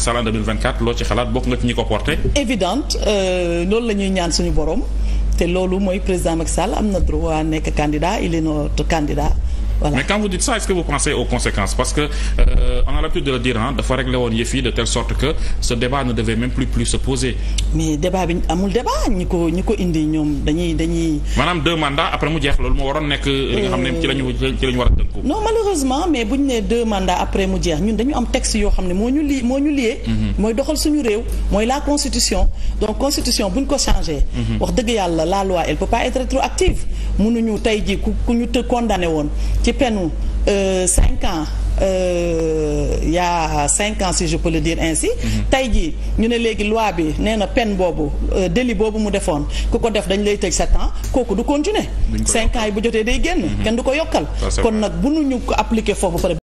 Salaan 2024 loo ci xalaat bokk nga ci ñi ko porté. Euh, loolu la ñuy ñaan suñu borom te loolu mooy président Macky Sall am na droit nekk candidat il est notre candidat. voilà mais quand vous dites ça est-ce que vous pensez aux conséquences parce que euh, on a l'habitude de le dire ah dafa régler woon yëf de telle sorte que ce débat ne devait même plus plus se poser. mais débat bi amul débat ñi ko ñi ko indi ñoom dañuy dañuy. maanaam deux mandats après mu jeex loolu moo waroon nekk. Euh, xam ne ci la ñu ci la a tënku. non malheureusement mais bu ñu nee deux mandats après mu jeex ñun dañu am texte yoo xam ne moo ñu li moo ñu lié. Mhm. mooy doxal suñu réew mooy la constitution donc constitution bu ñu ko mhm. la loi elle peut pas être rétroactive ci penu euh, cinq ans yaa euh, y a cinq ans si je ainsi mhm. tey jii ñu ne léegi loi bi nee na peine boobu euh, délit boobu mu defoon ku ko def dañ lay tëj sept ans kooku du continuer cinq ans yi bu jotee day génn mhm. kenn du ko yokkal kon nag bu ñu ko appliquer foofu pare